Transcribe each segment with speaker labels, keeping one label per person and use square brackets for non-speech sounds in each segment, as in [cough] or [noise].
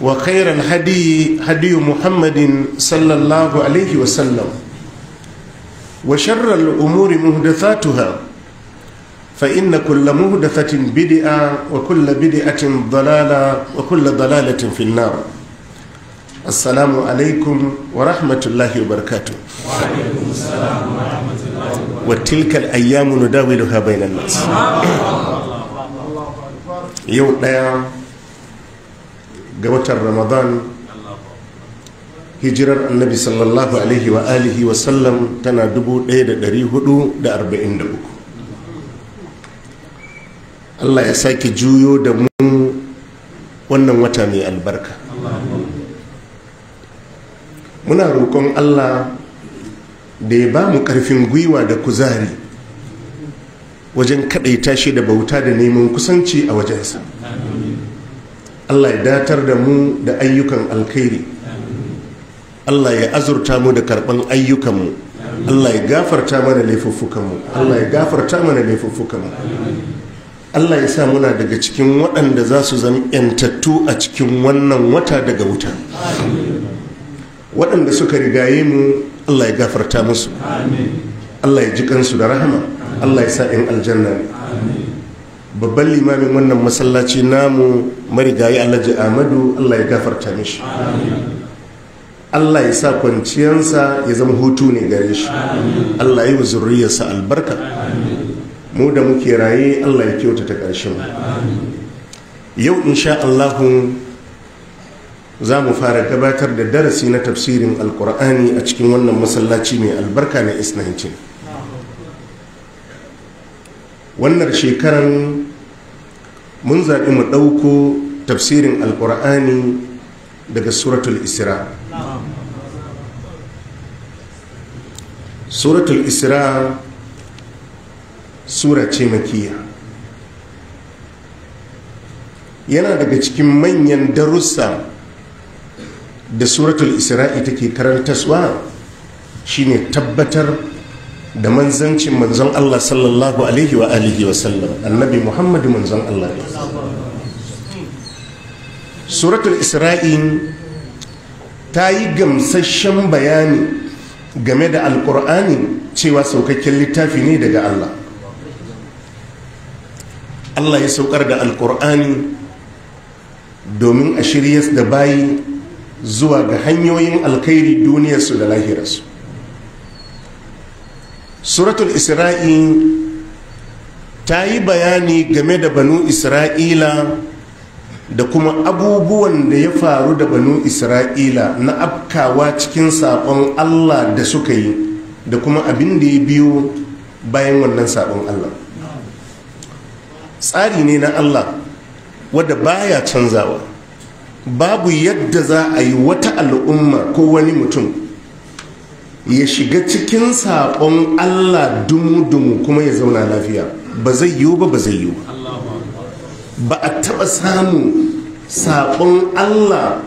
Speaker 1: وخير الهدي هدي محمد صلى الله عليه وسلم وشر الأمور مهدثاتها فإن كل مهدثة بدئة وكل بدئة ضلالة وكل ضلالة في النار السلام عليكم ورحمة الله وبركاته وعليكم
Speaker 2: السلام ورحمة الله
Speaker 1: وبركاته وتلك الأيام نداولها بين الناس يوم ga watan ramadan hijirar annabi sallallahu alaihi wa alihi wa sallam tana 1443 allah ya sake juyo da mu wannan wata mai albarka muna roƙon allah da ya ba mu ƙarfin gwiwa da kuzari wajen kaɗaita shi da bauta da neman kusanci a wajensa Allah ya datar da mu da ayyukan alkhairi Allah ya azurta mu da karɓan ayyukanmu Allah ya gafarta mana laifuffukanmu Allah ya gafarta mana laifuffukanmu Allah ya sa muna daga cikin waɗanda za su zama 'yantattu a cikin wannan wata daga wuta waɗanda suka rigaye mu Allah ya gafarta musu Allah ya ji kansu da rahama Allah ya sa in aljanna ne babban limamin wannan masallaci namu marigayi alhaji amadu allah ya gafarta mishi allah ya sa kwanciyansa ya zama hutu ne gare shi allah ya yi zurriyarsa albarka mu da muke raye allah ya kyauta ta mu. yau insha allahu za mu fara gabatar da darasi na tafsirin alkur'ani a cikin wannan masallaci mai albarka na isnancin wannan shekaran mun zaɓi mu ɗauko tafsirin alƙur'ani daga suratul isra suratul isra sura ce makiya yana daga cikin manyan darussa da suratul isra'i take karantaswa shine tabbatar da manzancin manzon Allah sallallahu alaihi wa alihi wa sallam annabi Muhammad manzon Allah ne suratul isra'in ta yi gamsashen bayani game da alkur'ani cewa saukakken littafi ne daga Allah Allah ya saukar da alkur'ani domin a shirya da bayi zuwa ga hanyoyin alkhairi duniyarsu da lahirarsu suratul isra'i ta yi bayani game da banu isra'ila da kuma abubuwan da ya faru da banu isra'ila na afkawa cikin saƙon allah da suka yi da kuma abin da ya biyo bayan wannan saƙon allah tsari ne na allah wadda baya canzawa babu yadda za a yi wata al'umma ko wani mutum ya shiga cikin saƙon allah dumu-dumu kuma ya zauna lafiya ba zai yiwu ba ba zai yiwu ba a taɓa samu saƙon allah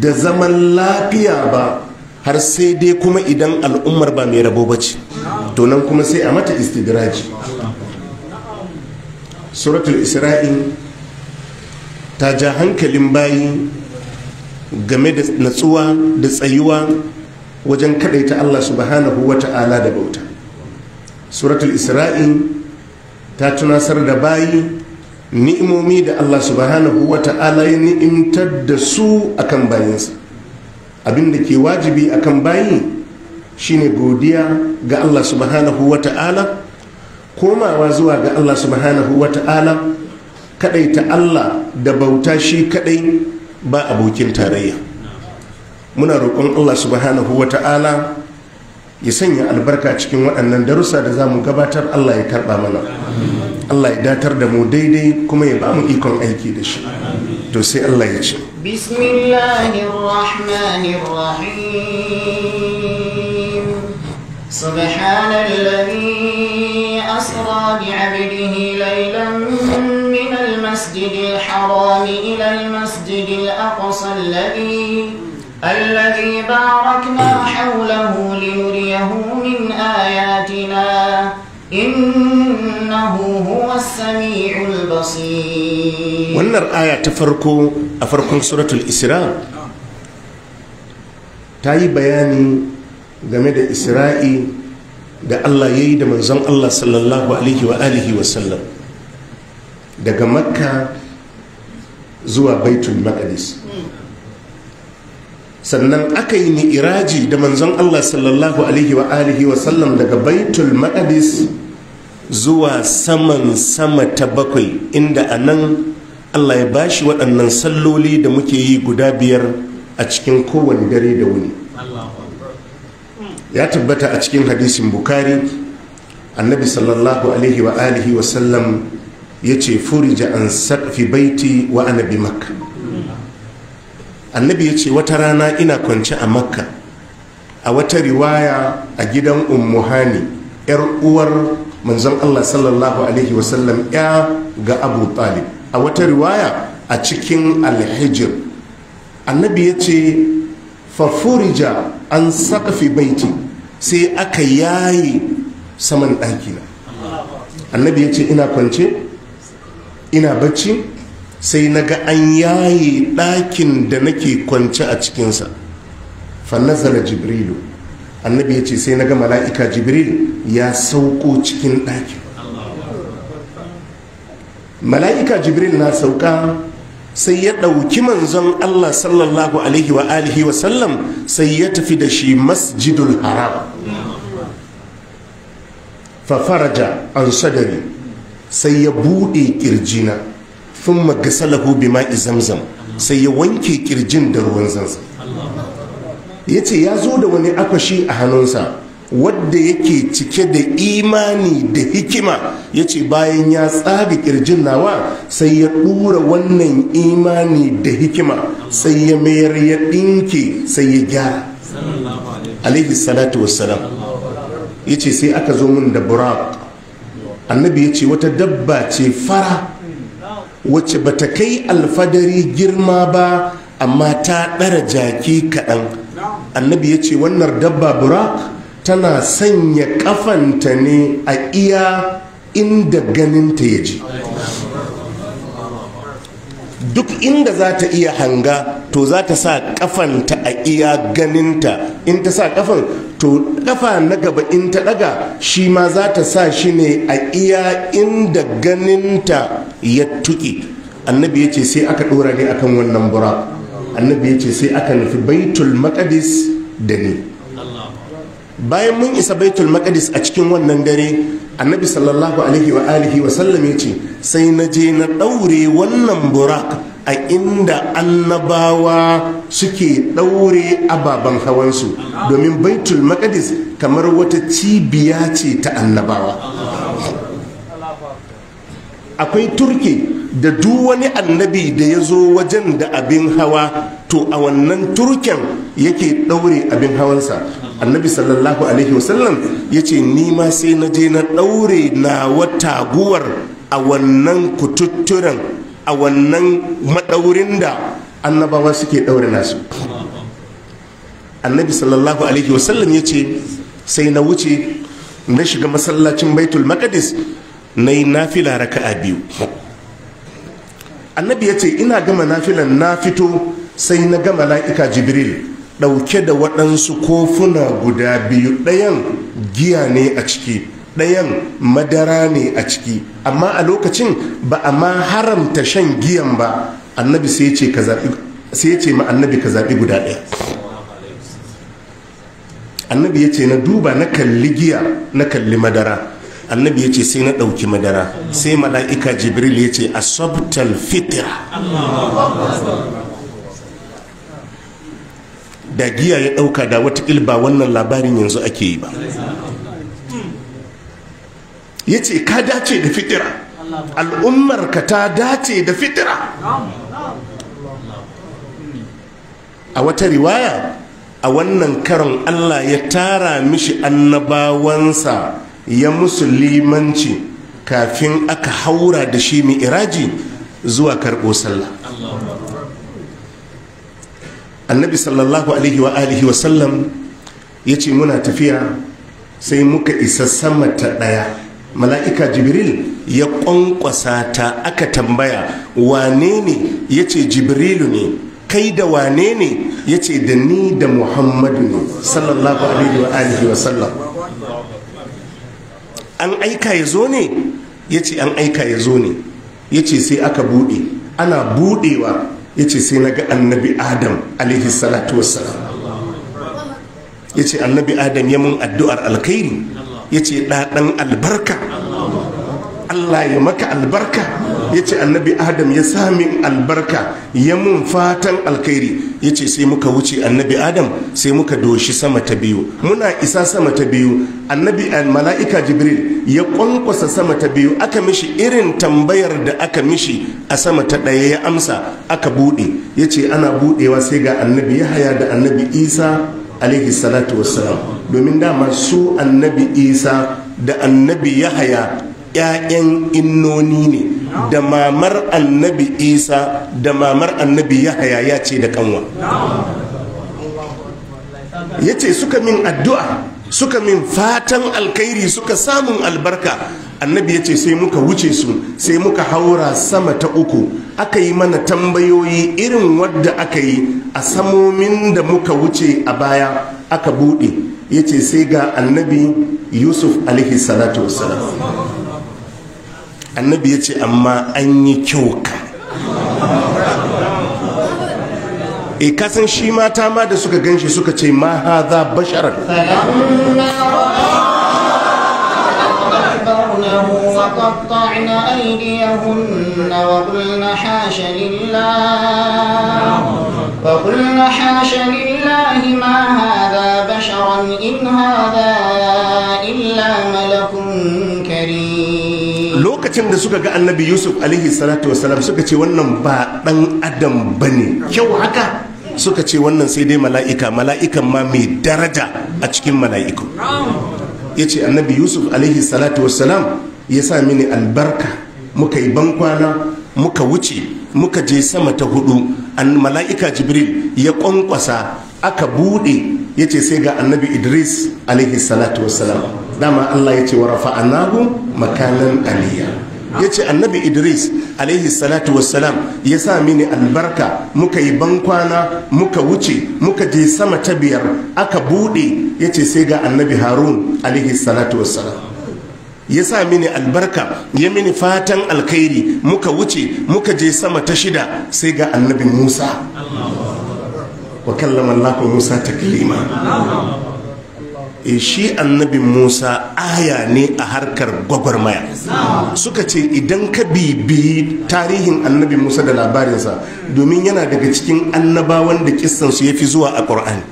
Speaker 1: da zaman lafiya ba har sai dai kuma idan al'ummar ba mai rabo ba ce
Speaker 2: to nan kuma sai a mata
Speaker 1: istidraji suratul isra'il ta ja hankalin bayi game da natsuwa da tsayuwa wajen kadaita Allah subhanahu wa ta'ala da bauta suratul isra'i ta tunasar da bayi ni'imomi da Allah subhanahu wa ta'ala ya ni'imtar da su akan bayinsa abin da ke wajibi akan bayi shine godiya ga Allah subhanahu wa ta'ala komawa zuwa ga Allah subhanahu wa ta'ala kadaita Allah da bauta shi kadai ba abokin tarayya muna roƙon allah subhanahu wa ta'ala ya sanya albarka cikin waɗannan darussa da za mu gabatar allah ya karɓa mana allah ya datar da mu daidai kuma ya ba mu ikon aiki da shi to sai allah ya ce
Speaker 3: سبحان أسرى بعبده ليلا من المسجد الحرام إلى المسجد الأقصى الذي الذي باركنا حوله ليريه من آياتنا إنه هو السميع البصير ونر
Speaker 1: آية تفرق أفرق سورة الإسراء تاي بياني ta yi da Allah ya yi da manzon Allah sallallahu alaihi wa alihi wa sallam daga makka zuwa baitul maqdis sannan aka yi ni iraji da manzon Allah sallallahu alaihi wa alihi wa sallam daga baitul maqdis zuwa saman sama ta bakwai inda a nan Allah ya bashi waɗannan salloli da muke yi guda biyar a cikin kowane dare da wuni ya tabbata a cikin hadisin bukari annabi sallallahu alaihi wa alihi wa sallam ya ce furija an fi baiti wa ana bi annabi ya ce wata rana ina kwance a makka a wata riwaya a gidan ummuhani yar uwar manzon allah sallallahu alaihi wasallam ya ga abu talib a wata riwaya a cikin alhijir annabi ya ce fafurija an sakafi baiti sai aka yayi saman ɗakina annabi ya ce ina kwance ina bacci sai na ga an yaye ɗakin da nake kwance a cikinsa fannazala jibrilu annabi ya ce sai na ga mala'ika jibril ya sauko cikin ɗakin mala'ika jibril na sauka sai ya ɗauki manzon allah sallallahu alaihi wa alihi wa sallam sai ya tafi da shi masjidul haram Fa fafaraja an sadari sai ya buɗe ƙirjina sun magasalahu bi ma'i zamzam sai ya wanke kirjin da ruwan zamzam ya ce ya zo da wani akwashi a hannunsa wadda yake cike da imani da hikima ya ce bayan ya tsaga kirjin nawa sai ya ɗura wannan imani da hikima sai ya mayar ya ɗinke sai ya gyara alaihi salatu wassalam ya ce sai aka zo min da burak annabi ya ce wata dabba ce fara wacce ba ta kai alfadari girma ba amma ta ɗara jaki kaɗan annabi ya ce wannan dabba burak tana sanya kafanta ne a iya inda ganinta ya ji duk inda za ta iya hanga to za ta sa kafanta a iya ganinta in ta sa kafan to kafa na gaba in ta daga shi ma za ta sa shi ne a iya inda ganinta ya tuki annabi ya ce sai aka dora ne akan wannan bura annabi ya ce sai aka nufi baitul maqdis da ni bayan mun isa baitul maqdis a cikin wannan dare annabi sallallahu alaihi wa alihi wa sallam ya ce sai na je na ɗaure wannan burak a inda annabawa suke ɗaure ababen hawansu domin baitul maqdis kamar wata cibiya ce ta annabawa akwai turke da duk wani annabi da ya zo wajen da abin hawa to a wannan turken yake ɗaure abin hawansa annabi sallallahu alaihi wasallam ya ce ni sai na je na ɗaure na wata guwar a wannan kututturen a wannan maɗaurin da annabawa suke ɗaure nasu annabi sallallahu alaihi wasallam ya ce sai na wuce na shiga masallacin baitul maqdis na yi nafila raka'a biyu annabi ya ce ina gama nafilan na fito sai na la'ika la'ika jibril Dauke da waɗansu kofuna guda biyu ɗayan giya ne a ciki ɗayan madara ne a ciki amma a lokacin ba a ma haramta shan giyan ba annabi sai ya ce ma annabi ka zaɓi guda ɗaya annabi ya ce na duba na kalli giya na kalli madara annabi ya ce sai na ɗauki madara sai mala'ika jibril ya ce asabtal fitira da giya ya ɗauka da watakil ba wannan labarin yanzu ake yi ba ya ce ka dace da fitira al'ummarka ta dace da fitira a wata riwaya a wannan karon allah ya tara mishi annabawansa ya musulmanci kafin aka haura da shi mai iraji zuwa karɓo sallah annabi sallallahu alaihi wa alihi wa sallam ya ce muna tafiya sai muka isa sama ta ɗaya mala'ika jibril ya ƙwanƙwasa ta aka tambaya wane ne ya ce jibrilu ne kai da wane ne ya ce da ni da muhammadu ne sallallahu alaihi wa alihi wa sallam an aika ya zo ne ya ce an aika ya zo ne ya ce sai aka buɗe ana buɗewa ya ce sai na ga annabi adam alaihi salatu wassalam ya ce annabi adam ya mun addu'ar alkhairi ya ce ɗaɗan albarka Allah ya maka albarka ya ce annabi adam ya sami albarka ya mun fatan alkhairi ya ce sai muka wuce annabi adam sai muka doshi sama ta biyu muna isa sama ta biyu annabi eh, mala'ika jibril ya kwankwasa sama ta biyu aka mishi irin tambayar da aka mishi a sama ta ɗaya ya amsa aka buɗe ya ce ana buɗewa sai ga annabi yahaya da annabi isa alaihi salatu wassalam domin dama su annabi isa da annabi yahaya 'ya'yan innoni ne da mamar annabi isa da mamar annabi yahaya ya ce da kanwa ya ce suka min addu'a suka min fatan alkhairi suka samun albarka annabi ya ce sai muka wuce su sai muka haura sama ta uku aka yi mana tambayoyi irin wadda aka yi a samomin da muka wuce a baya aka buɗe ya ce sai ga annabi yusuf alaihi salatu wassalam annabi ya ce amma an yi kyauka kam e kasan shi mata ma da suka ganshi suka ce ma hadha bashar
Speaker 3: وقطعن أيديهن وقلن حاش لله وقلن حاش لله ما هذا بشرا إن هذا إلا ملك
Speaker 1: lokacin da suka ga annabi yusuf alaihi salatu wasalam suka ce wannan ba dan adam ba ne kyau haka suka ce wannan sai dai mala'ika mala'ikan ma mai daraja a cikin mala'iku ya ce annabi yusuf alaihi salatu wasalam ya sa mini albarka muka yi bankwana muka wuce muka je sama ta hudu an mala'ika jibril ya kwankwasa aka bude ya ce sai ga annabi idris alaihi salatu wasalam dama Allah ya ce wa rafa'anahu makanan aliyya ya ce annabi idris alaihi salatu wassalam ya sa mini albarka muka yi bankwana muka wuce muka je sama ta biyar aka bude ya ce sai ga annabi harun alaihi salatu wassalam ya sa mini albarka ya mini fatan Alkairi muka wuce muka je sama ta shida sai ga annabi musa wa kallama allahu musa taklima e shi annabi musa aya ne a harkar gwagwarmaya suka ce idan ka bibi tarihin annabi musa da labarinsa domin yana daga cikin annabawan da kissansu ya fi zuwa a ƙur'ani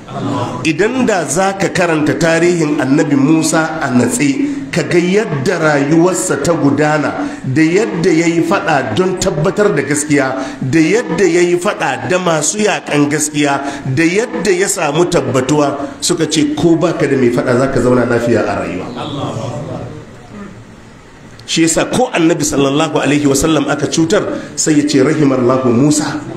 Speaker 1: idan da za ka karanta tarihin annabi musa a natse ka ga yadda rayuwarsa ta gudana da yadda ya yi faɗa don tabbatar da gaskiya da yadda ya yi faɗa da masu yaƙan gaskiya da yadda ya samu tabbatuwa suka ce ko ba ka da mai faɗa za ka zauna lafiya a rayuwa shi yasa ko annabi sallallahu alaihi wasallam aka cutar sai ya ce rahimar musa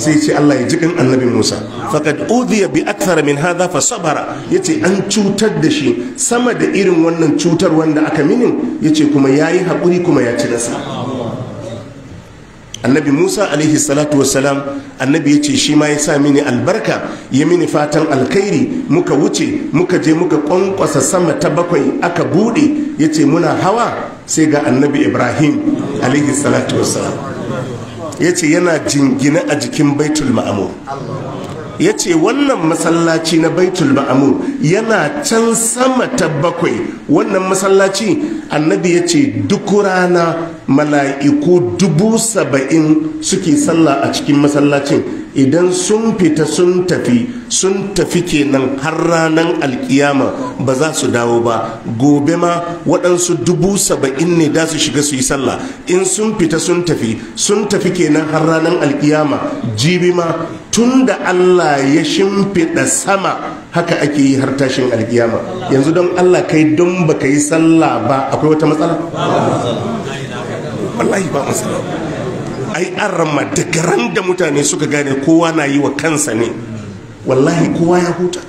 Speaker 1: sai ce Allah ya jikin annabi Musa faqad udhiya bi akthar min hadha fa sabara yace an cutar da shi sama da irin wannan cutar wanda aka mini yace kuma yayi hakuri kuma ya ci nasa. annabi musa alaihi salatu wassalam annabi yace shi ma ya sa mini albarka ya mini fatan alkhairi muka wuce muka je muka kwankwasa sama ta bakwai aka bude yace muna hawa sai ga annabi ibrahim alaihi salatu wassalam ya ce yana jingina a jikin baitul ma'amur ya ce wannan masallaci na baitul ma'amur yana can sama ta bakwai wannan masallaci annabi ya ce duk rana mala'iku dubu saba'in suke sallah a cikin masallacin idan sun fita sun tafi sun tafi kenan har ranar alkiyama ba za su dawo ba gobe ma waɗansu dubu saba'in ne da su shiga su yi sallah in sun fita sun tafi sun tafi kenan har ranar alkiyama jibi ma tun da allah ya shimfiɗa sama haka ake yi har tashin alkiyama yanzu don allah kai don baka yi sallah ba akwai wata matsala wallahi ba matsala ai an ramma da garan da mutane suka gane kowa na yi wa kansa ne wallahi kowa ya huta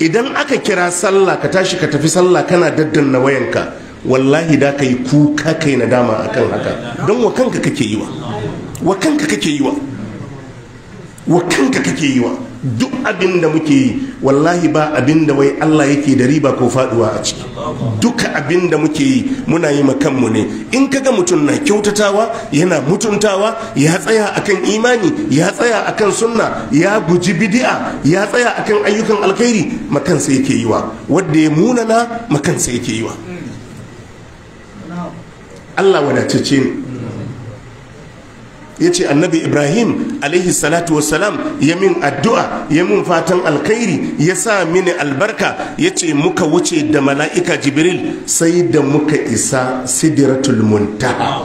Speaker 1: idan aka kira sallah ka tashi ka tafi sallah kana daddanna wayanka wallahi da ka yi kuka kai nadama akan haka don wa kanka kake yi wa wa kanka kake yi wa wa kanka kake yi wa duk abin da muke yi wallahi ba abin da wai Allah yake da riba ko faduwa a ciki duka abin da muke yi muna yi kanmu ne in kaga mutum na kyautatawa yana mutuntawa ya tsaya akan imani ya tsaya akan sunna ya guji bid'a ya tsaya akan ayyukan alkhairi makan sai yake yiwa wanda ya munana makan sai yake yiwa Allah wadatacce ya ce annabi ibrahim alaihi salatu wasalam ya min addu'a ya min fatan alkhairi ya sa mini albarka ya ce muka wuce da mala'ika jibril sai da muka isa sidiratul muntaha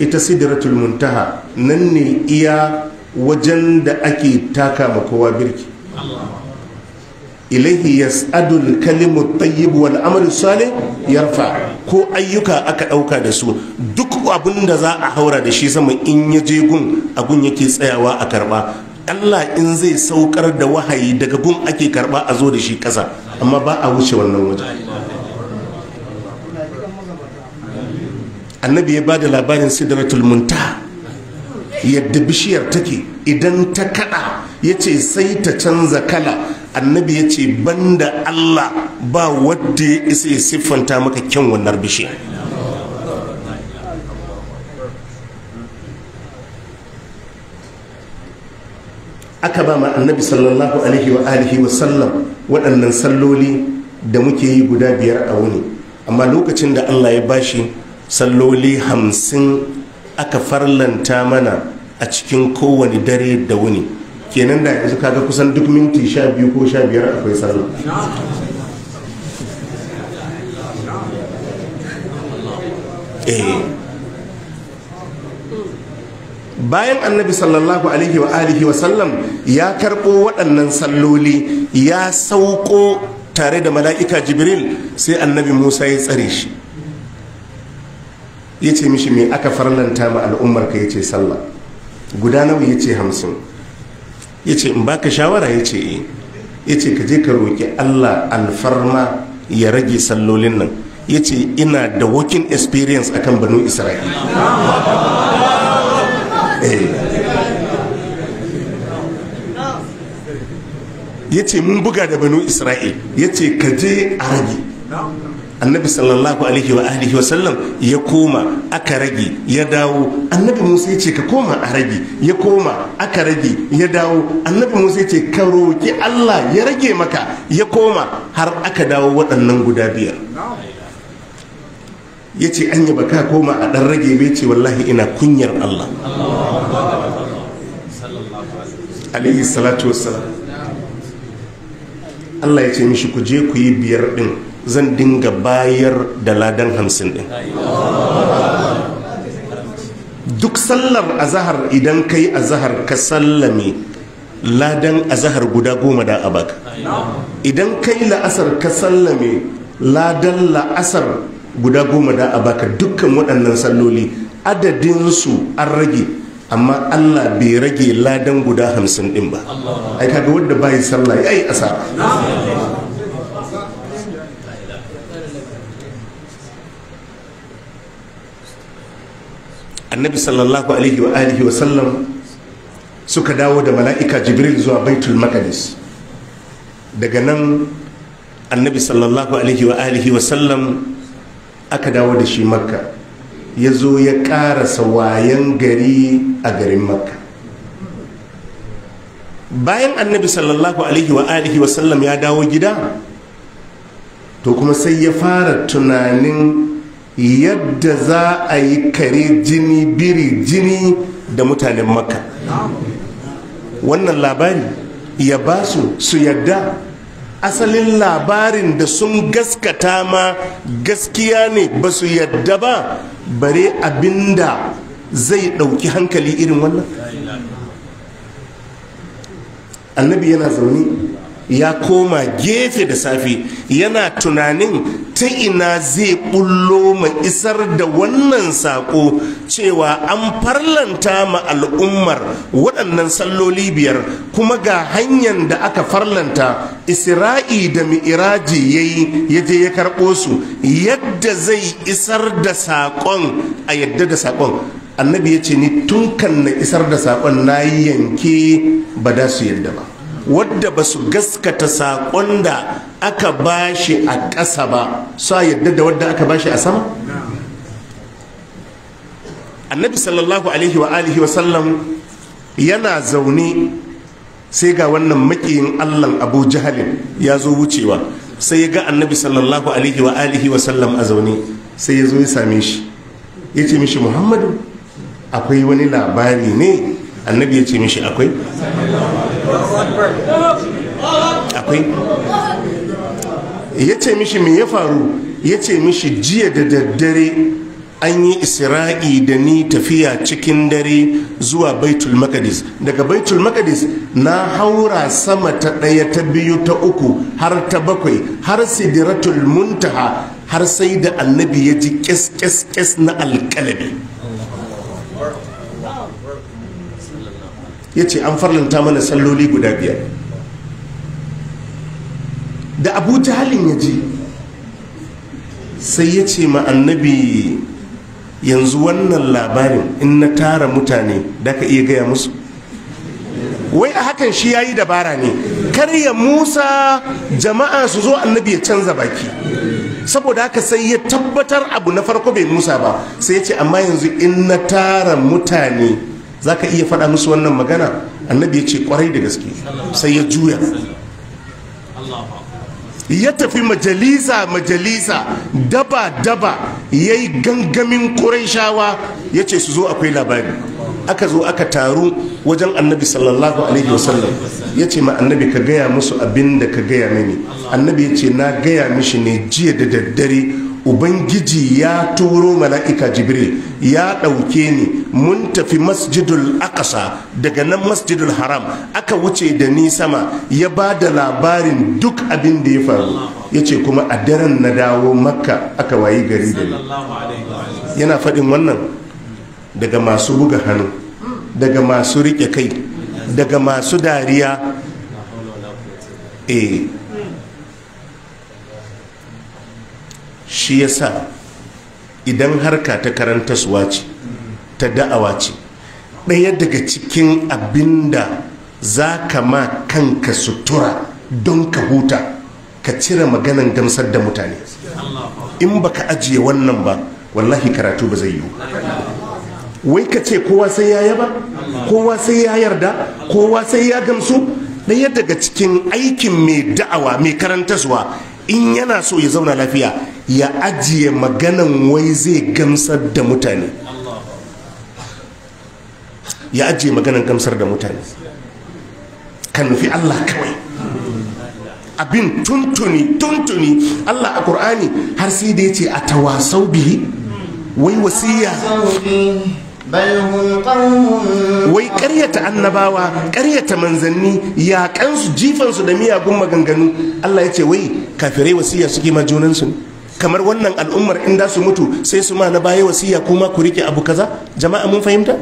Speaker 1: ita sidiratul muntaha nan ne iya wajen da ake taka ma kowa birki ilaihi yas'adul kalimu wani wal amalu ya yarfa ko ayyuka aka ɗauka da su duk abin da za a haura da shi sama in ya je gun gun yake tsayawa a karba Allah in zai saukar da wahayi daga gun ake karba a zo da shi ƙasa amma ba a wuce wannan waje annabi ya bada labarin sidratul muntaha yadda bishiyar take idan ta kada ya ce sai ta canza kala annabi ya ce banda Allah ba wadda ya isa ya siffanta maka kyan wannan bishe aka ba ma annabi sallallahu alaihi wa alihi wa sallam waɗannan salloli da muke yi guda biyar a wuni amma lokacin da Allah ya bashi salloli hamsin aka farlanta mana a cikin kowane dare da wuni kenan da yanzu kaga kusan duk minti sha biyu ko sha biyar akwai sallah eh. bayan annabi sallallahu alaihi wa alihi wa sallam ya karɓo waɗannan salloli ya sauko tare da mala'ika jibril sai annabi musa ya tsare shi ya ce mishi me aka farlanta ma al'ummarka ya ce sallah guda nawa ya ce hamsin ya ce in baka shawara ya ce eh. ya ce ka je ka roƙi allah alfarma ya rage sallolin nan ya ce ina da wakin experience akan banu isra'ila [laughs] eh. ya ce mun buga da banu isra'il ya ce ka je a rage annabi sallallahu alaihi wa alihi wa sallam ya koma aka rage ya dawo annabi musa ya ce ka koma a rage ya koma aka rage ya dawo annabi musa ya ce ka roki allah ya rage maka ya koma har aka dawo waɗannan guda biyar ya ce an yi baka koma a ɗan rage bai ce wallahi ina kunyar allah
Speaker 2: alaihi salatu wassalam
Speaker 1: allah ya ce mishi ku je ku yi biyar ɗin zan dinga bayar da ladan hamsin din duk sallar azahar idan kai azahar ka sallame ladan azahar guda goma da a idan kai la'asar ka sallame ladan la'asar guda goma da a dukkan waɗannan salloli adadinsu an rage amma Allah bai rage ladan guda hamsin din ba ai kaga wadda bai sallah ai asa annabi sallallahu alaihi wa alihi wa sallam suka dawo da mala'ika jibril zuwa baitul maqdis daga nan annabi sallallahu alaihi wa alihi wa sallam aka dawo da shi makka ya zo ya karasa wayan gari a garin makka bayan annabi sallallahu alaihi wa alihi wa sallam ya dawo gida to kuma sai ya fara tunanin yadda za a yi kare jini biri jini da mutanen makka wannan labari ya ba su su yadda asalin labarin da sun gaskata ma gaskiya ne ba su yadda ba bare abinda zai ɗauki hankali irin wannan annabi yana zaune ya koma gefe da safe yana tunanin ta ina zai bullo mai isar da wannan sako cewa an farlanta ma al'ummar waɗannan salloli biyar kuma ga hanyar da aka farlanta isra'i da mi'iraji ya yi ya je ya karɓo su yadda zai isar da sakon a yadda da sakon annabi ya ce ni tun kan na isar da sakon na yanke ba da su yadda ba wadda ba su gaskata saƙon da aka ba shi a ƙasa ba sa yadda da wadda aka ba shi a sama annabi sallallahu alaihi wa alihi wa sallam yana zaune sai ga wannan makiyin allan abu jahalin ya zo wucewa sai ya ga annabi sallallahu alaihi wa alihi wa sallam a zaune sai ya zo ya same shi ya ce mishi muhammadu akwai wani labari ne annabi ya ce mishi akwai akwai ya ce mishi me ya faru ya ce mishi jiya da daddare an yi isra'i da ni tafiya cikin dare zuwa baitul makadis daga baitul makadis na haura sama ta ɗaya ta biyu ta uku har ta bakwai har sidiratul muntaha har sai da annabi ya ji kes kes na alkalabi ya ce an farlanta mana salloli guda biyar da abu halin ya ji sai ya ce ma annabi yanzu wannan labarin in na tara mutane da ka iya gaya musu wai a hakan shi ya yi dabara ne karya musa jama'a su zo annabi ya canza baki saboda haka sai ya tabbatar abu na farko bai musa ba sai ya ce amma yanzu in na tara mutane za ka iya faɗa musu wannan magana annabi ya ce kwarai da gaske sai ya juya ya tafi majalisa majalisa daba daba ya yi gangamin shawa ya ce su zo akwai labari aka zo aka taru wajen annabi sallallahu alaihi wasallam ya ce ma annabi ka gaya musu abin da ka gaya mini annabi ya ce na gaya mishi ne jiya da daddare ubangiji ya turo mala'ika jibril ya ɗauke ni mun tafi masjidul aqsa daga nan masjidul haram aka wuce da ni sama ya ba da labarin duk abin da ya faru ya ce kuma a daren na dawo makka aka wayi gari da
Speaker 2: ni
Speaker 1: yana faɗin wannan daga masu buga hannu daga masu riƙe kai daga masu dariya eh shi ya sa idan harka ta karantaswa ce ta da'awa ce ɗaya daga cikin abin da za ka ma kanka sutura don ka huta ka cire maganan gamsar da mutane in baka ajiye wannan ba wallahi karatu ba zai yiwu wai ka ce kowa sai ya yaba kowa sai ya yarda kowa sai ya gamsu ɗaya daga cikin aikin mai da'awa mai karantaswa in yana so ya zauna lafiya ya ajiye maganan wai zai gamsar da mutane ya ajiye maganan gamsar da mutane ka nufi Allah kawai abin tuntuni tuntuni Allah a Kur'ani har sai da ya ce a tawasau bihi wai wasiya wai karyata annabawa karyata manzanni ya kansu jifansu da miyagun maganganu Allah ya ce wai kafirai wasiya suke ma junansu kamar wannan al'ummar inda su mutu sai su ma na baya wasiya kuma ku rike abu kaza jama'a mun fahimta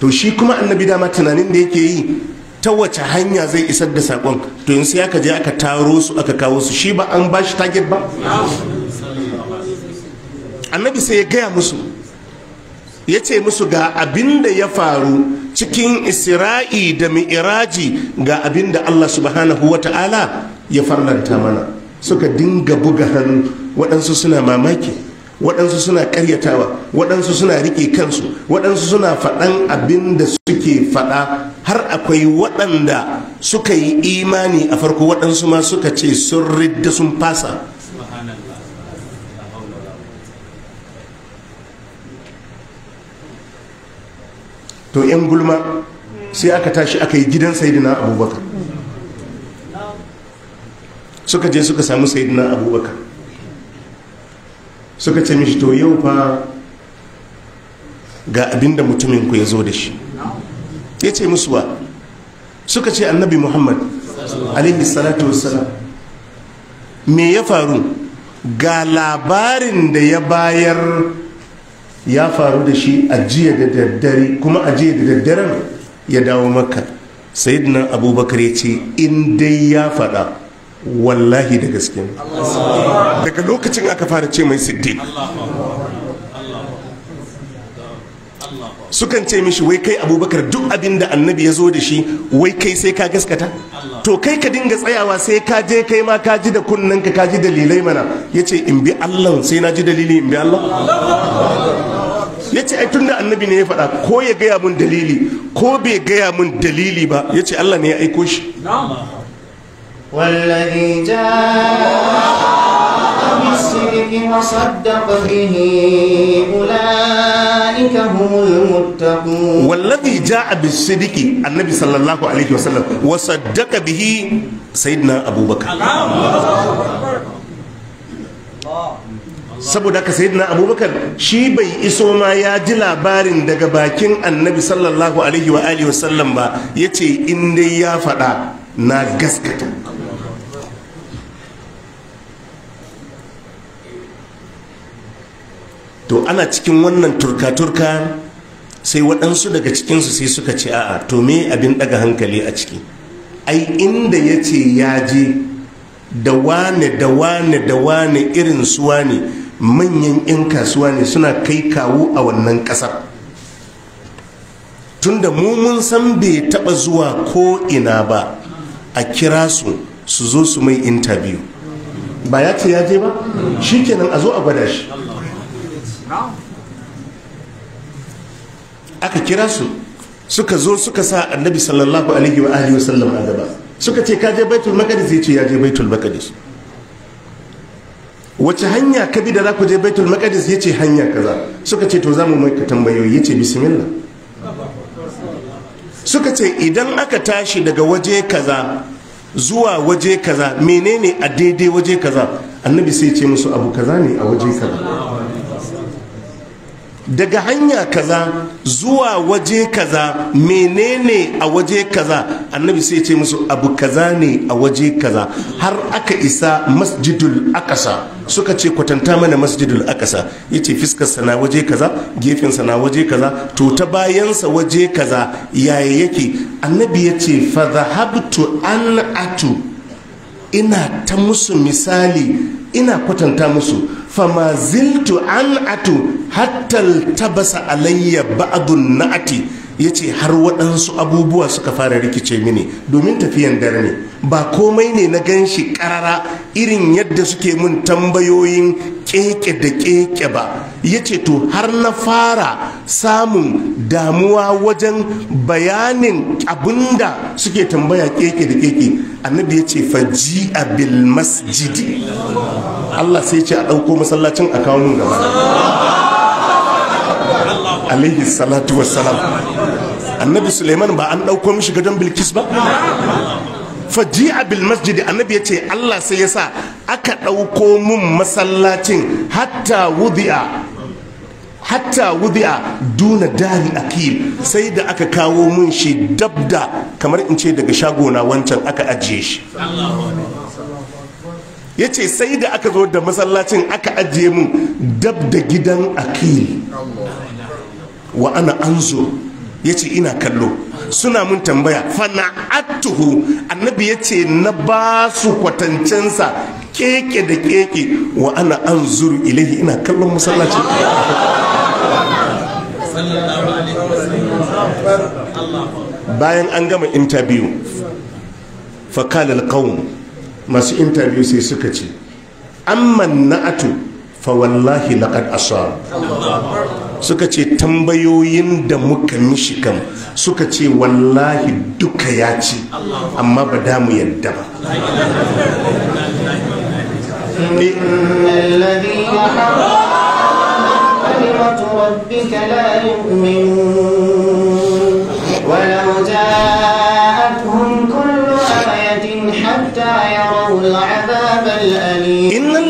Speaker 1: to shi kuma annabi dama tunanin da yake yi ta wace hanya zai isar da sakon to yanzu sai aka je aka taro su aka kawo su shi ba an ba shi target ba annabi sai ya gaya musu ya ce musu ga abin da ya faru cikin isra'i da mi'iraji ga abin da allah subhanahu wa ta'ala ya farlanta mana suka dinga buga hannu waɗansu suna mamaki waɗansu suna ƙaryatawa waɗansu suna riƙe kansu waɗansu suna faɗan abin da suke faɗa har akwai waɗanda suka yi imani a farko waɗansu ma suka ce sun ridda sun fasa to yan gulma sai aka tashi aka yi gidan sayidina abubakar suka je suka samu sayidina abubakar suka ce mishi to yau fa ga abinda mutumin ku ya zo da shi ya ce musu ba suka ce annabi muhammad alaihi salatu wasala me ya faru ga labarin da ya bayar ya faru da shi a jiya da daddare kuma a jiya da daddare ya dawo maka. sayidina abubakar ya ce in dai ya faɗa wallahi da gaske daga lokacin aka fara ce mai siddiq sukan ce mishi wai kai abubakar duk abinda annabi ya zo da shi wai kai sai ka gaskata to kai ka dinga tsayawa sai ka je kai ma ka ji da kunnanka ka ji dalilai mana ya ce in bi Allah sai na ji dalili in bi Allah ya ce tun da annabi ne ya faɗa ko ya gaya mun dalili ko bai gaya mun dalili ba ya ce Allah ne ya aiko shi
Speaker 3: والذي جاء والسلك وصدق به أولئك هم
Speaker 1: المتقون والذي جاء بالصدق النبي صلى الله عليه وسلم وصدق به سيدنا أبو بكر saboda ka sayyidina abubakar shi bai iso ma ya ji labarin daga bakin annabi sallallahu alaihi wa alihi wasallam ba yace in dai ya faɗa na gaskata to ana cikin wannan turka-turka sai waɗansu daga cikinsu sai suka ce a'a to me abin ɗaga hankali a ciki ai inda ya ce ya je da wane da wane da wane irin suwa ne manyan 'yan kasuwa ne suna kai kawo a wannan ƙasar tunda mu mun san bai taɓa zuwa ko ina ba a kira su su zo su mai intabiyu ba ya ce ya je ba kenan a zo a gwada shi aka kira su suka zo suka sa annabi sallallahu alaihi wa alihi wa sallam a gaba suka ce ka je baitul maqdis yace ya je baitul maqdis wace hanya ka bi da za ku je baitul maqdis yace hanya kaza suka ce to za mu mai ka tambayoyi yace bismillah suka ce idan aka tashi daga waje kaza zuwa waje kaza menene a daidai waje kaza annabi sai ce musu abu kaza ne a waje kaza daga hanya kaza zuwa waje kaza menene a waje kaza annabi sai ce musu abu kaza ne a waje kaza har aka isa masjidul akasa suka ce kwatanta mana masjidul akasa yace sa na waje kaza sa na waje kaza to ta bayansa waje kaza yaya yake annabi yace ce fa zahabtu an atu ina ta musu misali ina kwatanta musu fama ziltu an atu hatta tabasa alayya ba'dun na'ati ya ce har waɗansu abubuwa suka fara rikice mini domin tafiyan dare ne ba komai ne na gan shi ƙarara irin yadda suke mun tambayoyin keke da keke ba ya ce to har na fara samun damuwa wajen bayanin abinda suke tambaya keke da keke annabi ya ce faji a masjidi Allah sai ce a ɗauko masallacin a kawo mun gaba alaihi salatu wassalam annabi suleiman ba an ɗauko mishi gadon bilkis ba faji'a bil masjidi annabi ya ce allah sai ya sa aka ɗauko mun masallacin hatta wudi'a hatta wudi'a duna dari akil sai da aka kawo mun shi dabda kamar in ce daga shagona wancan aka ajiye shi ya ce sai da aka zo da masallacin aka ajiye mun dab da gidan akil wa ana anzo ya ce ina kallo suna mun tambaya attuhu annabi ya ce na ba su kwatancensa keke da keke wa ana an zuru ilahi ina kallon masallaci bayan an gama intabiyu fakalal qawm masu intabiyu sai suka ce amman na'atu fa wallahi laqad asab suka ce tambayoyin da muka mishi kam suka ce wallahi duka ya ci amma ba da mu yadda ba
Speaker 3: الذين
Speaker 1: حرم
Speaker 3: كلمة ربك لا يؤمنون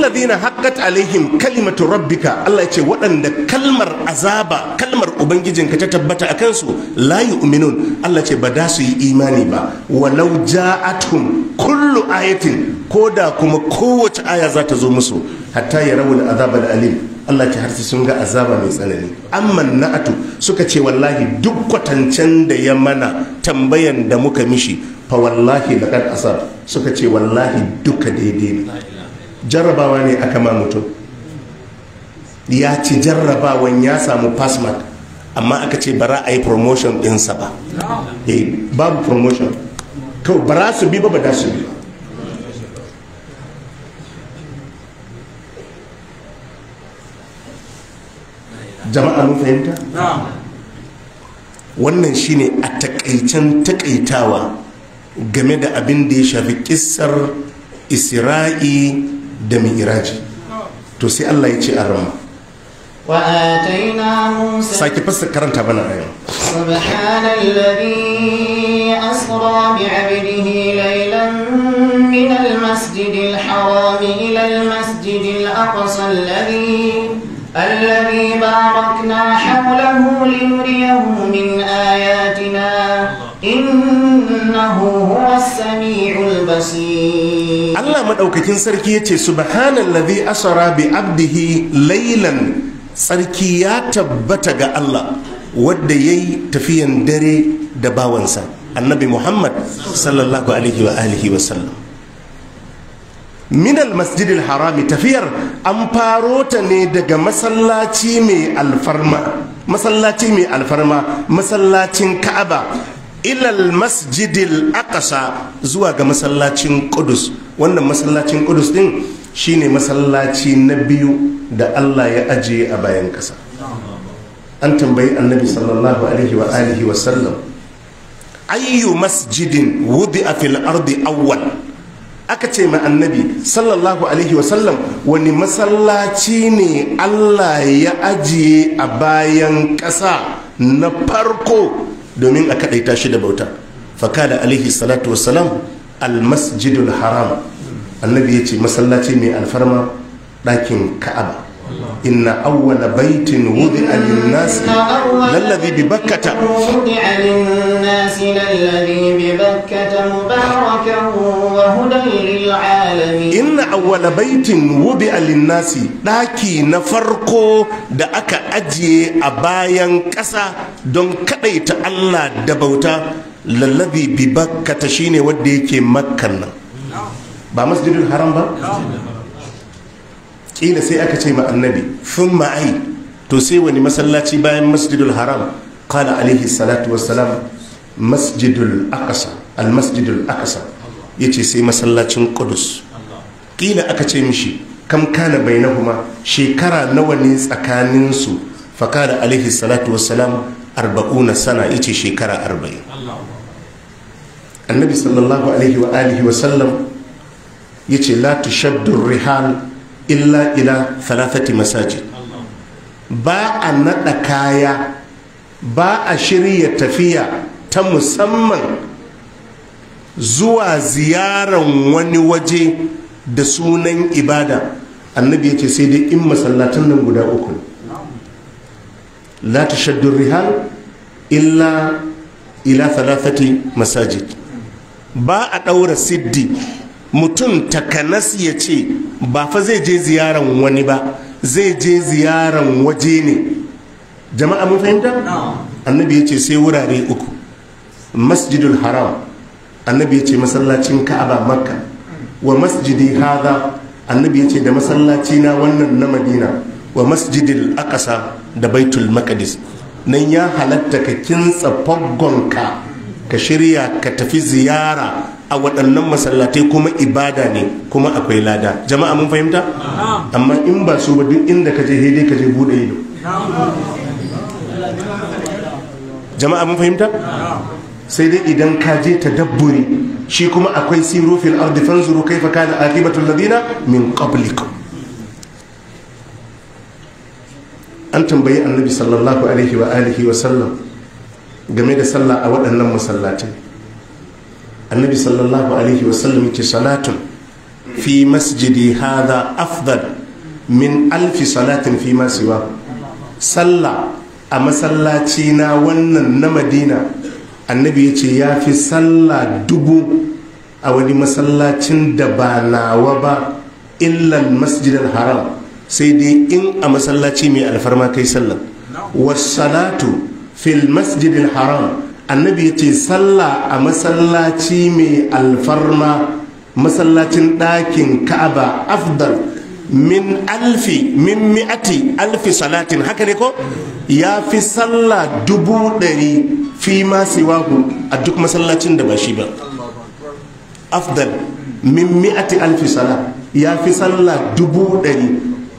Speaker 1: wallazina haqqat alaihim kalimatu rabbika Allah ya ce waɗanda kalmar azaba kalmar ubangijinka ta tabbata a kansu la yu'minun Allah ce ba da su yi imani ba walau ja'atuhum kullu ayatin koda kuma kowace aya za ta zo musu hatta ya yarawul da alim Allah ce har sun ga azaba mai tsanani amma na'atu suka ce wallahi duk kwatancen da ya mana tambayan da muka mishi fa wallahi laqad asar suka ce wallahi duka daidai ne jarrabawa ne aka ma mutum ya ci jarrabawan ya samu fasma amma aka ce bara a yi promotion ɗinsa ba eh, babu promotion kawai bara su bi ba ba da su bi jama'a mun fahimta wannan shine a takaicen takaitawa game da abin da ya shafi kissar isra'i da mi'iraji to sai Allah ya ce a rama sake fasa karanta bana a yau
Speaker 3: subhanallazi asra bi 'abdihi laylan haram ila al-masjidil aqsa alladhi الذي باركنا حوله لنريه من آياتنا إنه هو السميع
Speaker 1: البصير Allah maɗaukakin sarki ya ce subhanallazi asara bi abdihi laylan sarki ya tabbata ga Allah wadda ya yi tafiyan dare da bawansa annabi Muhammad sallallahu alaihi wa alihi wa sallam minal masjidil harami tafiyar an faro ta ne daga masallaci mai alfarma masallacin ka'aba ilal masjidil aqsa zuwa ga masallacin kudus wannan masallacin kudus din shine masallaci na biyu da Allah ya ajiye a bayan kasa an tambayi annabi sallallahu alaihi wa alihi wa sallam ayyu masjidin wudi'a fil ardi awwal aka ce ma annabi sallallahu alaihi wa sallam wani masallaci ne allah ya ajiye a bayan ƙasa na farko domin a kaɗaita shi da bauta fakada alaihi salatu wassalam almasjidul haram annabi ya ce masallaci mai alfarma ɗakin ka'aba inna awwala baitin wudi a linnasi lallabi bi bakkata wudi a
Speaker 3: linnasi lallabi bi bakkata mubarakan وهدى
Speaker 1: للعالمين إن أول بيت وضع للناس ɗaki na farko da aka ajiye a bayan ƙasa don kaɗaita Allah da bauta lallabi bi bakkata shine wanda yake makkan nan ba masjidul haram ba kila sai aka ce ma annabi fun ma'ai to sai wani masallaci bayan masjidul haram kala alaihi salatu wassalam ya ce sai masallacin kudus ƙila aka ce mishi kam kana bai kuma shekara nawa ne tsakaninsu faka da alaihi salatu wasalam arba'una sana ya ce shekara arba'in annabi sallallahu alaihi wa alihi wasallam ya ce la shaddun rihal illa ila thalathati masajid ba a naɗa kaya ba a shirya tafiya ta musamman zuwa ziyaran wani waje da sunan ibada annabi ya sai dai in masallatan nan guda uku la tashaddu rihal illa ila thalathati masajid ba a ɗaura siddi mutum takanas ya ce ba fa zai je ziyaran wani ba zai je ziyaran waje ne jama'a mun fahimta annabi ya sai wurare uku masjidul haram annabi ya ce masallacin ka'aba makka wa masjidi haza annabi ya ce da masallaci na wannan na madina wa masjidil akasa da baitul maqdis nan ya halatta ka kintsa faggonka ka ka shirya ka tafi ziyara a waɗannan masallatai kuma ibada ne kuma akwai lada jama'a mun fahimta amma in ba su ba duk inda ka je hede ka je bude ido jama'a mun fahimta sai dai idan ka je ta dabburi shi kuma akwai sirufin ardi fanzuru faka da akibatun ladina min kablikum an tambayi annabi sallallahu alaihi wa alihi wa sallam game da sallah a waɗannan masallatai annabi sallallahu alaihi wa sallam yake salatun fi masjidi hadha afdal min alfi salatin fi masiwa. sallah a masallaci na wannan na madina annabi ya ce ya fi sallah dubu a wani masallacin da ba nawa ba illan masjidar haram sai dai in a masallaci mai alfarma kai sallah wasalatu fil masjidil haram annabi ya ce sallah a masallaci mai alfarma masallacin ɗakin ka'aba afdal min alfi min mi'ati alfi salatin haka ne ko ya fi sallah dubu ɗari fi ma ku a duk masallacin da ba shi ba afdal min mi'ati alfi sala ya fi sallah dubu ɗari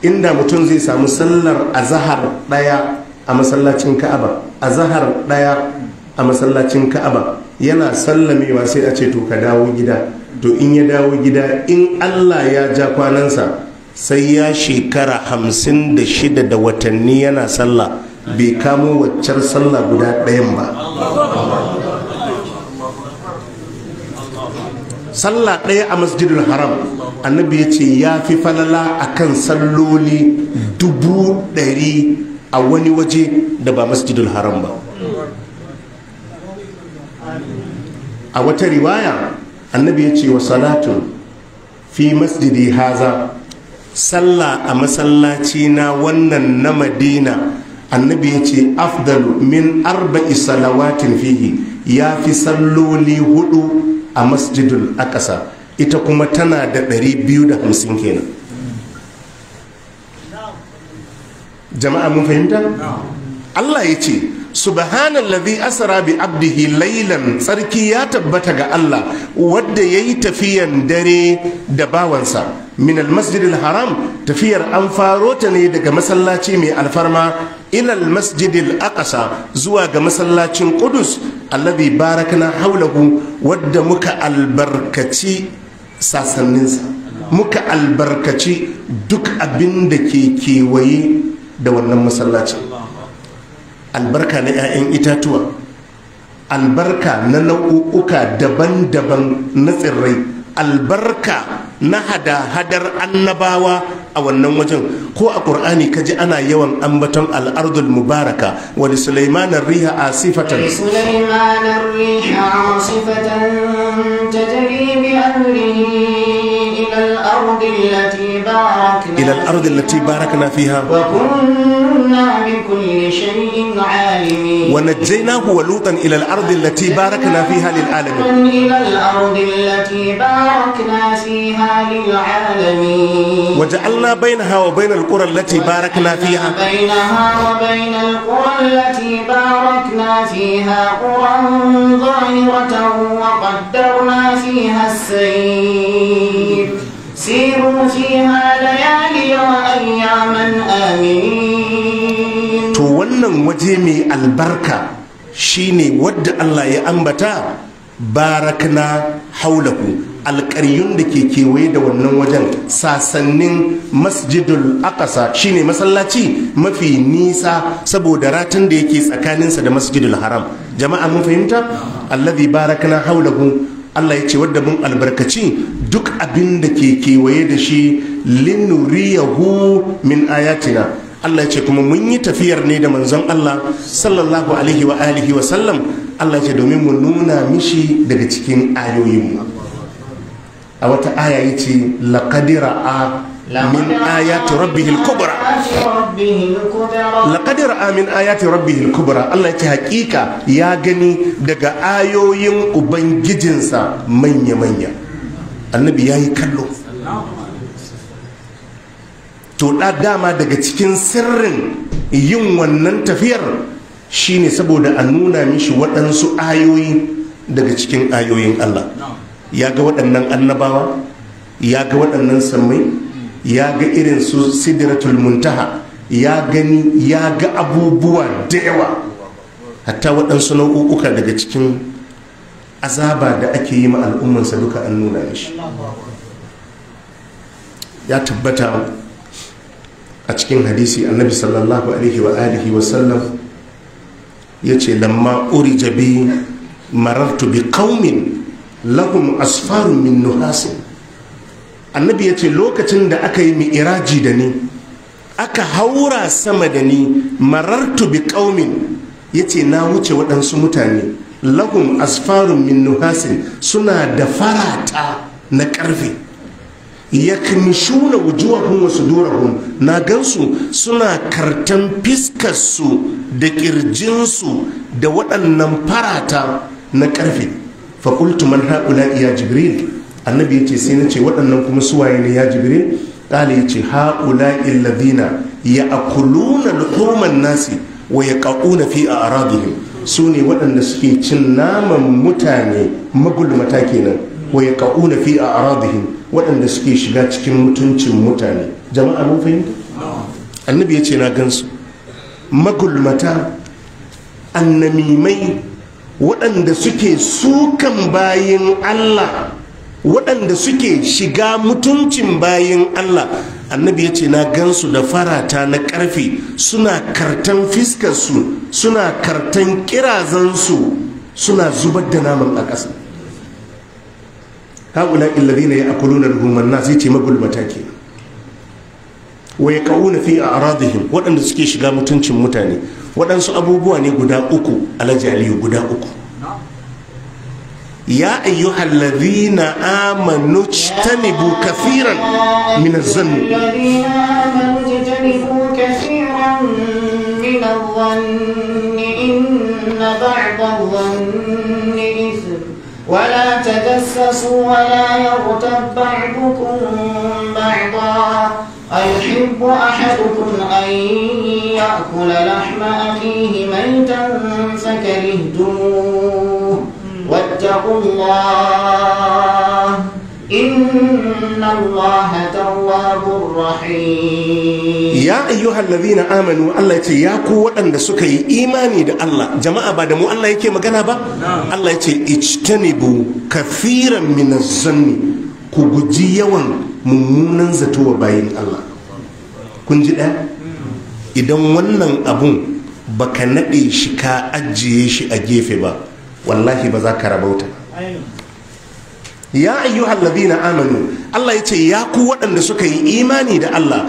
Speaker 1: inda mutum zai samu sallar azahar ɗaya a masallacin ka'aba azahar ɗaya a masallacin ka'aba yana sallamewa sai a ce to ka dawo gida to in ya dawo gida in allah ya ja kwanansa sai ya shekara hamsin da shida da watanni yana sallah bai kamo waccar sallah guda ɗayan ba sallah ɗaya a masjidul haram annabi ya ce ya fi falala a kan salloli dubu ɗari a wani waje da ba masjidul haram ba a wata riwaya annabi ya ce wa salatu fi masjidi haza sallah a masallaci na wannan na madina annabi ya ce afdalu min arba'i salawatin fihi ya fi salloli hudu a masjidul akasa ita kuma tana da 250 kenan jama'a mun fahimta? Allah ya ce subhanallazi asara bi abdihi laylan tsarki ya tabbata ga Allah wadda yayi tafiyan dare da bawansa min almasjid haram tafiyar an faro ta ne daga masallaci mai alfarma ilal masjidin aƙasa zuwa ga masallacin qudus alladhi barakna haulahu wadda muka albarkaci sasanninsa muka albarkaci duk abin da ke kewaye da wannan masallacin albarka na 'ya'yan itatuwa albarka na nau'uka daban-daban na tsirrai albarka na hada-hadar annabawa a wannan wajen ko a ƙur'ani ka ji ana yawan ambaton al'ardul mubaraka wani sulaiman riha a sifatan
Speaker 3: sulaiman riha a sifatan ta jari الأرض التي باركنا
Speaker 1: إلى الأرض التي باركنا فيها
Speaker 3: وكنا بكل شيء عالمين
Speaker 1: ونجيناه ولوطا إلى الأرض التي باركنا فيها للعالمين
Speaker 3: إلى الأرض التي باركنا فيها للعالمين
Speaker 1: وجعلنا بينها وبين القرى التي باركنا فيها
Speaker 3: بينها وبين القرى التي باركنا فيها قرى ظاهرة وقدرنا فيها السير سيروا فيها ليالي وأياما آمنين تو
Speaker 1: wannan waje mai albarka shine wadda Allah ya ambata barakna haulahu alƙaryun da ke kewaye da wannan wajen sasannin masjidul akasa shine masallaci mafi nisa saboda ratin da yake tsakaninsa da masjidul haram jama'a mun fahimta allazi barakna haulahu Allah ya ce wadda mun albarkaci duk abin da ke kewaye da shi linuriyahu min ayatina Allah ya ce kuma mun yi tafiyar ne da manzon Allah sallallahu alaihi wa alihi wa sallam Allah ya ce domin mu nuna mishi daga cikin ayoyinmu a wata aya yace laƙadira a من آيات ربه الكبرى لقد رأى من آيات ربه الكبرى الله يتحقيق يا غني دقا آيوين أبنججنسا من يمن النبي ياي to da dama daga cikin sirrin yin wannan tafiyar shine saboda a nuna mishi waɗansu ayoyi daga cikin ayoyin Allah ya ga waɗannan annabawa ya ga waɗannan sammai ya ga irin su sidratul muntaha ya gani ya ga abubuwa da yawa hatta waɗansu nau'uka daga cikin azaba da ake yi ma al'ummansa duka an nuna shi. ya tabbata a cikin hadisi annabi sallallahu alaihi wa alihi wa sallam ya ce lamma uri jabi marartu bi kaumin lahum asfarun min nuhasin annabi ya ce lokacin da aka yi mi'iraji da ni aka haura sama da ni marartu bi ƙaumin ya ce na wuce waɗansu mutane lahum asfarun min nuhasin suna da farata na ƙarfe yakmishuna wujuhahum wasu sudurahum na gansu suna kartan fiskarsu da ƙirjinsu da waɗannan farata na ƙarfe faƙultu man na iya jibril annabi ya ce sai na ce waɗannan kuma suwaye ne ya jibire. ƙala ya ce ha'ula illadina ya akuluna lukuman nasi wa ya ƙaƙuna fi a aradihim su ne waɗanda suke cin naman mutane magulmata kenan wa ya ƙaƙuna fi a aradihim waɗanda suke shiga cikin mutuncin mutane jama'a mun fahimta annabi ya ce na gansu magulmata annamimai waɗanda suke sukan bayin allah waɗanda suke shiga mutuncin bayan Allah annabi ya ce na gansu da farata na ƙarfe suna kartan fiskarsu suna kartan ƙirazansu suna zubar da naman a ƙasa haƙula a kuluna da ruhumar na zai ce magulmata ke wai ƙauna fi a aradihim waɗanda suke shiga mutuncin mutane waɗansu abubuwa ne guda uku alhaji guda uku يا أيها الذين آمنوا اجتنبوا كثيرا من الظن الذين آمنوا
Speaker 3: اجتنبوا كثيرا من الظن إن بعض الظن إثم ولا تجسسوا ولا يغتب بعضكم بعضا أيحب أحدكم أن يأكل لحم أخيه ميتا فكرهتموه واتقوا الله إن الله تواب رحيم
Speaker 2: يا
Speaker 1: أيها الذين آمنوا الله يتي يا قوة أن سكي إيماني دا الله جماعة بعد مو الله يكي مغانا با الله يتي اجتنبوا كثيرا من الزن كوجي يوان ممونا زتوا باين الله كنجد أه ji ɗaya idan wannan abun baka naɗe shi ka ajiye shi a gefe ba wallahi ba za ka rabauta ya ayyuhal na amanu Allah ya ce ya ku waɗanda suka yi imani da Allah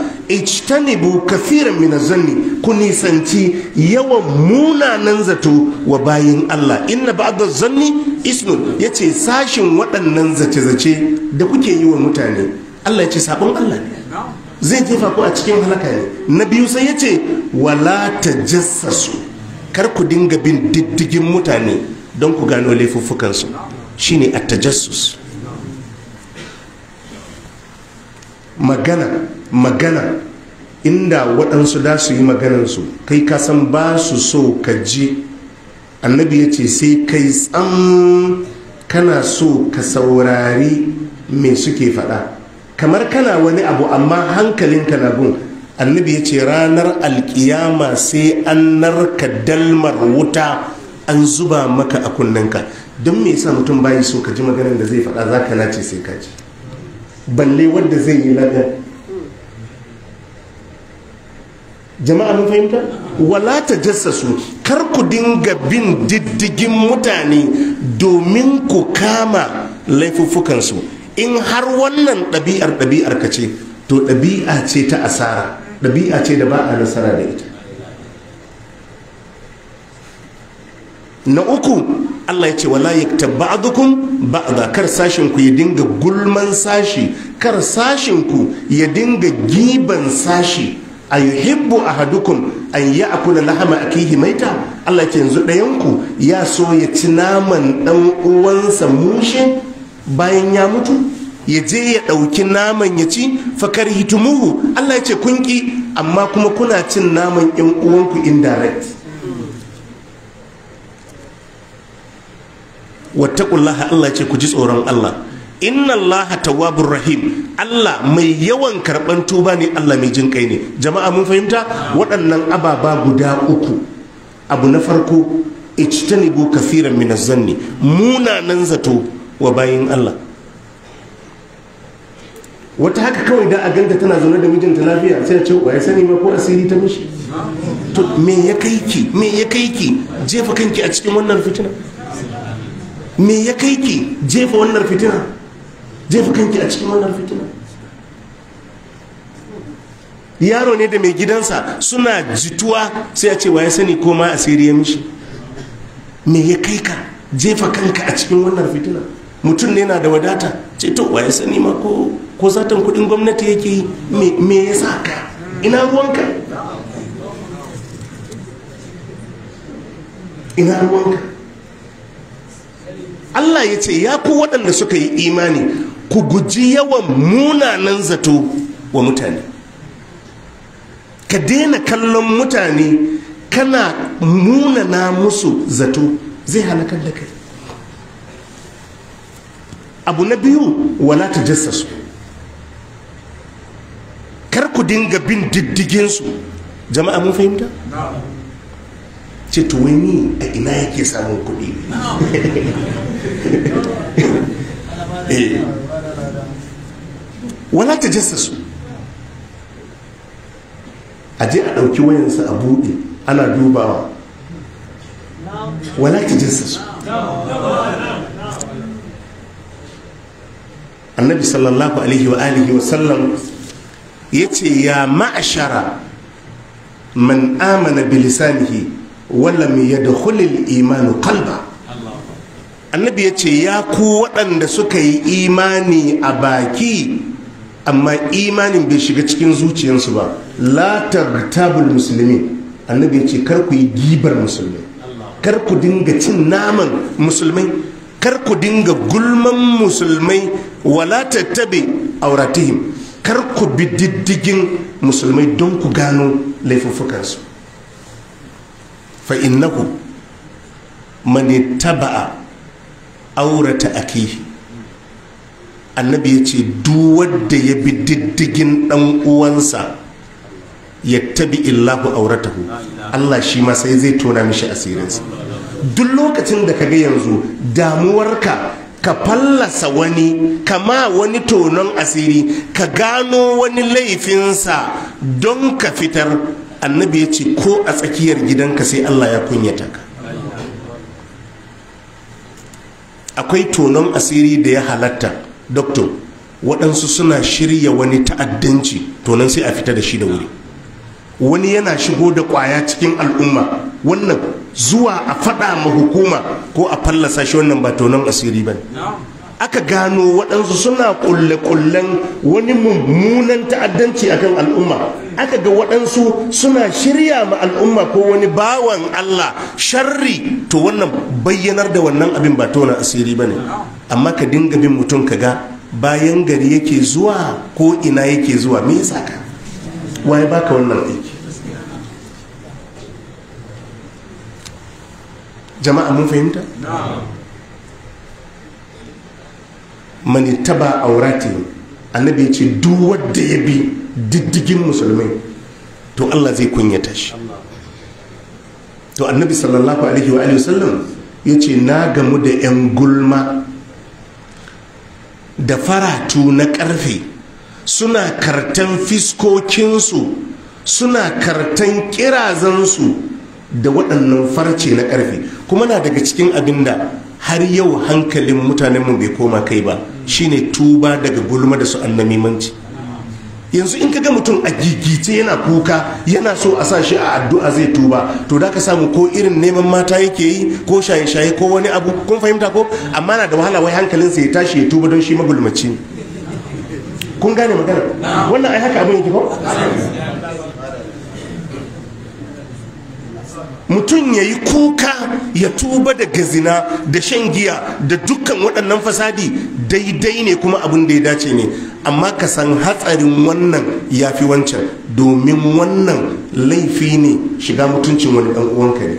Speaker 1: bu kafiran min zanni ku nisanci yawan munanan zato wa bayin Allah inna ba'da zanni ismun ce sashin waɗannan zace-zace da kuke yi wa mutane Allah ya ce sabon Allah ne zai jefa ku a cikin halaka ne na biyu sai ya ce wala ta su. kar ku dinga bin diddigin mutane don ku gano laifuffukansu shine a attajassus magana magana inda waɗansu da su yi maganansu kai ka san ba su so ka ji annabi ya ce sai kai tsam kana so ka saurari me suke faɗa kamar kana wani abu amma hankalinka na gun annabi ya ce ranar alkiyama sai an narka dalmar wuta an zuba maka a ka don me yasa mutum bayi so ka ji maganar da zai faɗa za ka nace sai ka ji balle wanda zai yi ladan jama'a mun fahimta wala ta su kar ku dinga bin diddigin mutane domin ku kama laifuffukansu in har wannan ɗabi'ar ɗabi'ar ka ce to ɗabi'a ce ta asara ɗabi'a ce da ba a nasara da ita na uku Allah ya ce wala ya taba ba'dukum ba'da kar sashinku ya dinga gulman sashi kar sashinku ya dinga giban sashi a a ahadukum an kula lahama akihi maita Allah ya ce yanzu ɗayanku ya so ya ci naman ɗan uwansa mushe bayan ya mutu ya je ya ɗauki naman ya ci fakar hitumuhu Allah ya ce kun amma kuma kuna cin naman 'yan uwanku indirect wattaqullaha Allah ce ku ji tsoron Allah inna Allah tawwabur rahim Allah mai yawan karban tuba ne Allah mai jin kai ne jama'a mun fahimta waɗannan ababa guda uku abu na farko ijtanibu kathiran min az-zanni munanan zato wa bayin Allah wata haka kawai da a ganta tana zaune da mijinta lafiya sai ce ya sani ma ko asiri ta mishi to me ya kai ki me ya kai ki jefa kanki a cikin wannan fitina me ya kai ki jefa wannan fitina jefa kanki a cikin wannan fitina yaro ne da mai gidansa suna jituwa sai a ce wa ya sani ko ma asiri ya mishi me ya kai ka jefa kanka a cikin wannan fitina mutum ne na da wadata ce to wa ya sani ma ko ko satan kudin gwamnati yake yi me ya sa ka ina ruwanka ina ruwanka Allah ya ce ya ku waɗanda suka yi imani ku guji yawan munanan zato wa mutane ka daina kallon mutane kana munana musu zato zai halakar da kai abu na biyu wala ta jassasu kar ku dinga bin diddiginsu jama'a mun fahimta? ce to ni a ina yake samun kuɗi إيه. ولا تجسسوا أجي أدوكي وين سأبودي أنا دوبا ولا تجسسوا النبي صلى الله عليه وآله وسلم يتي يا معشر من آمن بلسانه ولم يدخل الإيمان قلبه annabi ya ce ya ku waɗanda suka yi imani a baki amma imanin bai shiga cikin zuciyarsu ba la tartabul musulmi annabi ya ce kar ku yi gibar musulmi kar ku dinga cin naman musulmai kar ku dinga gulman musulmai wala tattabe auratihim kar ku bi diddigin musulmai don ku gano laifuffukansu fa innahu man taba'a aurata akihi annabi ya ce wadda ya bi diddigin dan uwansa ya tabi illahu auratahu Allah shi ma sai zai tona mishi asirinsa duk lokacin da ka ga yanzu damuwarka ka fallasa wani kama wani tonon asiri ka gano wani laifinsa don ka fitar annabi ya ce ko a tsakiyar gidanka sai Allah ya kunyata ka akwai tonon asiri da ya halatta doktor waɗansu suna shirya wani ta'addanci tonon sai a fita da shi da wuri wani yana shigo da ƙwaya cikin al'umma wannan zuwa a faɗa ma hukuma ko a fallasa shi wannan ba tonon asiri ba aka gano waɗansu suna ƙulle kullen wani mummunan ta'addanci akan al'umma aka ga waɗansu suna shirya ma al'umma ko wani bawan Allah sharri to wannan bayyanar da wannan abin ba tona asiri ba ne amma ka dinga bin mutum ka ga bayan gari yake zuwa ko ina yake zuwa me yasa ka waye baka wannan aiki jama'a mun fahimta Mani taba aurati annabi ya ce duk wanda ya bi diddigin musulmi to Allah zai kunyata shi to annabi sallallahu alaihi wa alihi wasallam ya ce na gamu da 'yan gulma da faratu na karfe suna kartan fiskokinsu suna kartan kirazansu da waɗannan farce na karfe kuma na daga cikin abinda. har yau hankalin mutanen mu bai koma kai ba shine tuba daga gulma da su annami manci. yanzu in kaga mutum a gigice yana kuka yana so a sa shi a addu'a zai tuba to da ka samu ko irin neman mata yake yi ko shaye shaye ko wani abu kun fahimta ko amma na da wahala wai hankalinsa ya tashi ya tuba don shi magulmaci kun gane magana wannan ai haka abin yake ko mutum ya yi kuka ya tuba da gazina da shan giya da dukkan waɗannan fasadi daidai ne kuma abin da ya dace ne amma ka san hatsarin wannan ya fi wancan domin wannan laifi ne shiga mutuncin wani ɗan uwanka ne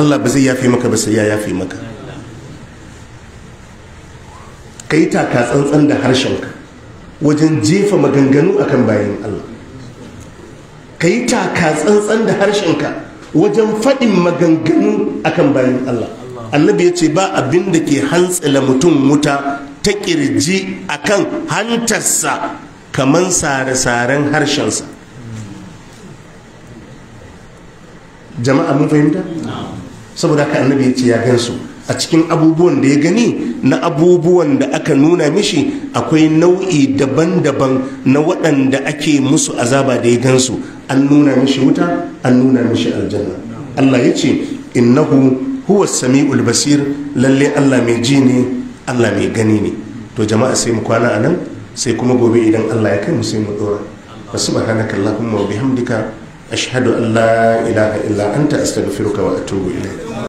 Speaker 1: allah ba zai yafe maka ba sai ya yafe maka ka yi taka tsantsan da harshenka wajen jefa maganganu akan bayan allah ka yi taka tsantsan da harshenka wajen faɗin maganganu akan bayan Allah annabi ya ce ba abin da ke hantsila mutum wuta ta ƙirji akan hantarsa kamar sare-saren harshensa jama'a mun fahimta saboda ka annabi ya ce ya gansu a cikin abubuwan da ya gani na abubuwan da aka nuna mishi akwai nau'i daban-daban na waɗanda ake musu azaba da ya gansu an nuna mishi wuta an nuna mishi aljanna Allah ya ce innahu huwa sami'ul basir lalle Allah mai ji ne Allah mai gani ne to jama'a sai mu kwana a nan sai kuma gobe idan Allah ya kai mu sai mu dora wa subhanaka allahumma wa bihamdika ashhadu an la ilaha illa anta astaghfiruka wa atubu ilayk